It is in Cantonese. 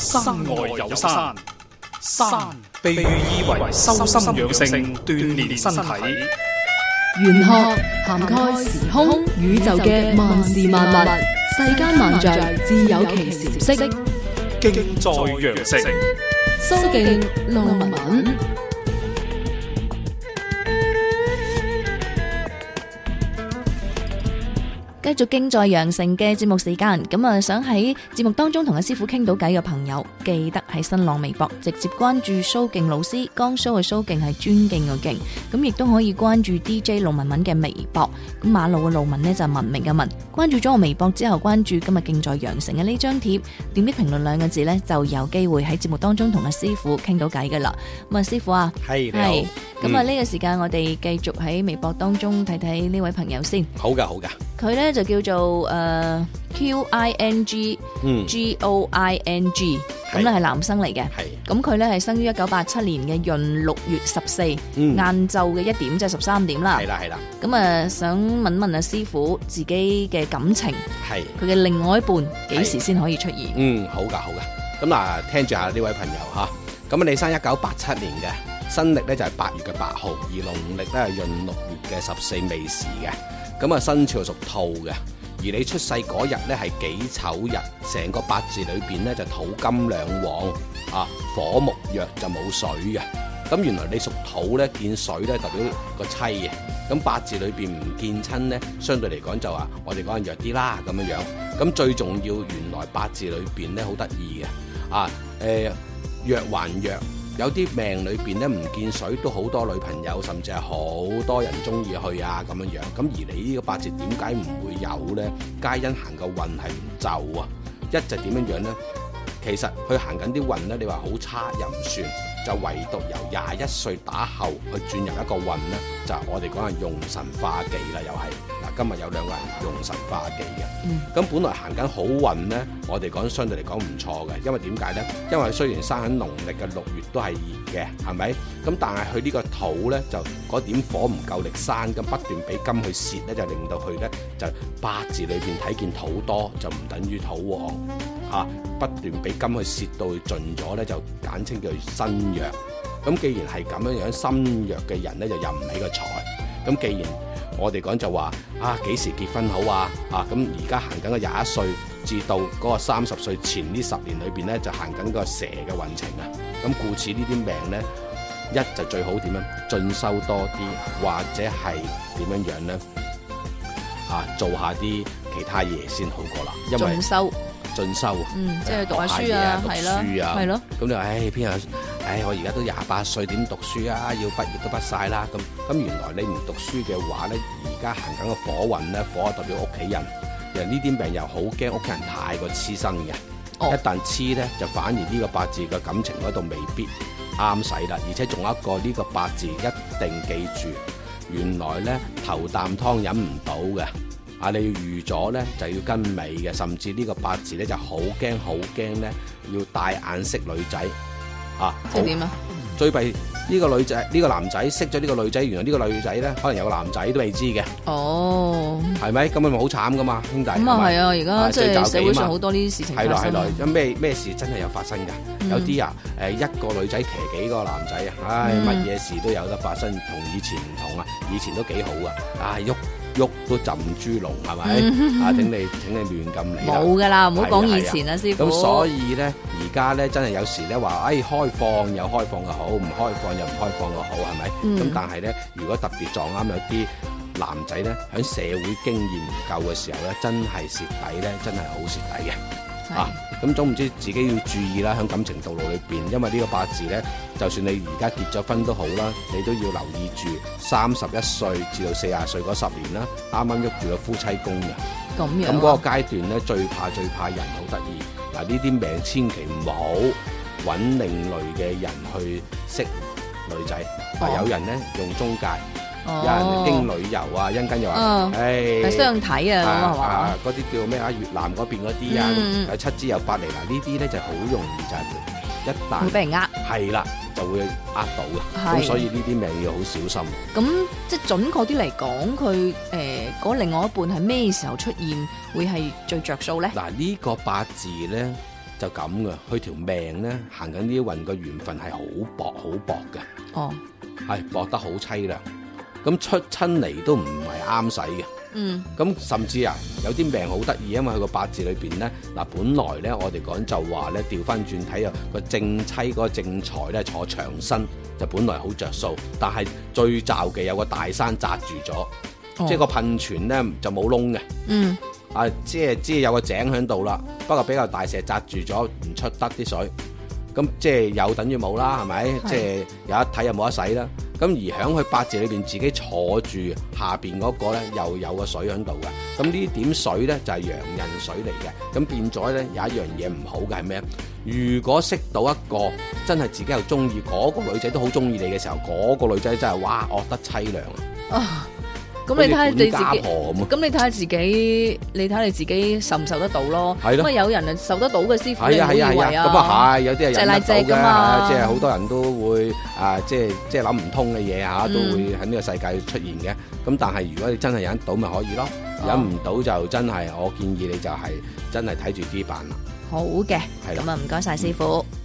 山外有山，有山被寓意為修心養性、鍛煉身，身，身，身，身，身，身，身體。玄學涵蓋時空宇宙嘅萬事萬物，世間萬象自有其時色。敬在羊城。蘇敬論文。繼續敬在羊城嘅節目時間，咁啊想喺節目當中同阿師傅傾到偈嘅朋友，記得喺新浪微博直接關注蘇敬老師，江蘇嘅蘇敬係尊敬嘅敬，咁亦都可以關注 DJ 路文文嘅微博，咁馬路嘅路文呢，就是文明嘅文。關注咗我微博之後，關注今日敬在羊城嘅呢張帖，點擊評論兩個字呢，就有機會喺節目當中同阿師傅傾到偈嘅啦。咁啊師傅啊，係、係，咁啊呢個時間我哋繼續喺微博當中睇睇呢位朋友先。好噶，好噶，佢呢。就叫做誒 Q I N G G O N G，咁咧係男生嚟嘅。係咁佢咧係生於一九八七年嘅閏六月十四晏晝嘅一點，就是點，即係十三點啦。係啦，係啦。咁啊，想問問阿師傅自己嘅感情係佢嘅另外一半幾時先可以出現？的的嗯，好噶，好噶。咁啊，聽住下呢位朋友嚇。咁啊，你生一九八七年嘅，新曆咧就係八月嘅八號，而農曆咧係閏六月嘅十四未時嘅。咁啊，生肖屬兔嘅，而你出世嗰日咧係幾丑日，成個八字裏邊咧就是土金兩旺，啊火木弱就冇水嘅。咁、啊、原來你屬土咧，見水咧代表個妻嘅。咁、啊、八字裏邊唔見親咧，相對嚟講就話我哋講緊弱啲啦，咁樣樣。咁、啊、最重要，原來八字裏邊咧好得意嘅，啊誒弱還弱。有啲命裏邊咧唔見水都好多女朋友，甚至係好多人中意去，啊咁樣樣。咁而你呢個八字點解唔會有呢？皆因行個運係唔就啊！一就點樣樣呢？其實佢行緊啲運呢，你話好差又唔算，就唯獨由廿一歲打後去轉入一個運呢。就我哋講係用神化忌啦，又係。今日有兩個人用神化忌嘅，咁、嗯、本來行緊好運咧，我哋講相對嚟講唔錯嘅，因為點解咧？因為雖然生喺農曆嘅六月都係熱嘅，係咪？咁但係佢呢個土咧，就嗰點火唔夠力生，咁不斷俾金去洩咧，就令到佢咧就八字裏面睇見土多就唔等於土旺、啊、不斷俾金去洩到佢盡咗咧，就簡稱叫身弱。咁既然係咁樣樣身弱嘅人咧，就入唔起個財。咁既然我哋講就話啊，幾時結婚好啊？啊，咁而家行緊個廿一歲至到嗰個三十歲前呢十年裏邊咧，就行緊個蛇嘅運程啊。咁故此呢啲命咧，一就最好點樣進修多啲，或者係點樣樣咧，啊，做下啲其他嘢先好過啦。因為進修進修，嗯，即係讀下書啊，讀書啊，係咯啊。咁你話唉，邊樣啊？唉、哎，我而家都廿八歲，點讀書啊？要畢業都畢晒啦。咁咁，原來你唔讀書嘅話咧，而家行緊個火運咧，火、啊、代表屋企人。又呢啲病又好驚，屋企人太過黐身嘅。哦、oh.，一旦黐咧，就反而呢個八字嘅感情嗰度未必啱使啦。而且仲有一個呢個八字一定記住，原來咧頭啖湯飲唔到嘅。啊，你要預咗咧，就要跟尾嘅。甚至呢個八字咧就好驚，好驚咧要帶眼識女仔。啊！即係點啊？最弊呢個女仔，呢個男仔識咗呢個女仔，原來呢個女仔咧，可能有個男仔都未知嘅。哦，係咪？咁咪好慘噶嘛，兄弟。咁啊係啊！而家即係社會上好多呢啲事情發生。係啦係啦，咩咩事真係有發生㗎、嗯？有啲啊，誒一個女仔騎幾個男仔啊，唉、哎，乜嘢事都有得發生，同以前唔同啊！以前都幾好啊，唉喐。喐都浸豬籠係咪？是不是 啊！請你請你亂咁嚟，冇㗎啦，唔好講以前啦，師傅。咁所以咧，而家咧真係有時咧話，誒、哎、開放又開放又好，唔開放又唔開放又好，係咪？咁、嗯、但係咧，如果特別撞啱有啲男仔咧，喺社會經驗唔夠嘅時候咧，真係蝕底咧，真係好蝕底嘅。啊！咁總唔知自己要注意啦，喺感情道路裏邊，因為呢個八字呢，就算你而家結咗婚都好啦，你都要留意住三十一歲至到四十歲嗰十年啦，啱啱喐住個夫妻宮嘅。咁樣嗰、啊、個階段呢，最怕最怕人好得意。嗱，呢啲命千祈唔好搵另類嘅人去識女仔、哦啊。有人呢用中介。Oh, 有人經旅遊啊，因根又話，誒、oh, 哎，相睇啊，嗰、啊、啲、啊啊啊啊、叫咩啊？越南嗰邊嗰啲啊，有、mm-hmm. 七支又八嚟，嗱，這些呢啲咧就好容易就是一旦，會俾人呃，係啦，就會呃到嘅。咁所以呢啲命要好小心。咁即係準確啲嚟講，佢誒嗰另外一半係咩時候出現會是，會係最着數咧？嗱，呢個八字咧就咁噶，佢條命咧行緊呢啲運，個緣分係好薄好薄嘅。哦、oh. 哎，係薄得好淒涼。咁出親嚟都唔係啱使嘅。嗯。咁甚至啊，有啲命好得意，因為佢個八字裏邊咧，嗱，本來咧我哋講就話咧，調翻轉睇啊，個正妻嗰個正財咧坐長身，就本來好着數，但係最罩嘅有個大山擋住咗，哦，即係個噴泉咧就冇窿嘅。嗯。啊，即係即係有個井喺度啦，不過比較大石擋住咗，唔出得啲水。咁即係有等於冇啦，係咪？即係有得睇就冇得使啦。咁而喺佢八字裏邊，自己坐住下邊嗰個呢，又有個水喺度嘅。咁呢點水呢，就係羊印水嚟嘅，咁變咗呢，有一樣嘢唔好嘅係咩？如果識到一個真係自己又中意嗰個女仔都好中意你嘅時候，嗰、嗰個女仔真係哇惡得凄涼啊！Oh. 咁你睇下你自己，咁你睇下自己，你睇下你自己受唔受得到咯？咁啊有人受得到嘅師傅有安慰啊，即係賴姐噶嘛，即係好多人都會啊，即係即係諗唔通嘅嘢啊，都會喺呢個世界出現嘅。咁但係如果你真係忍得到咪可以咯，啊，忍唔到就真係我建議你就係真係睇住主板啦。好嘅，係咁啊，唔該晒師傅。嗯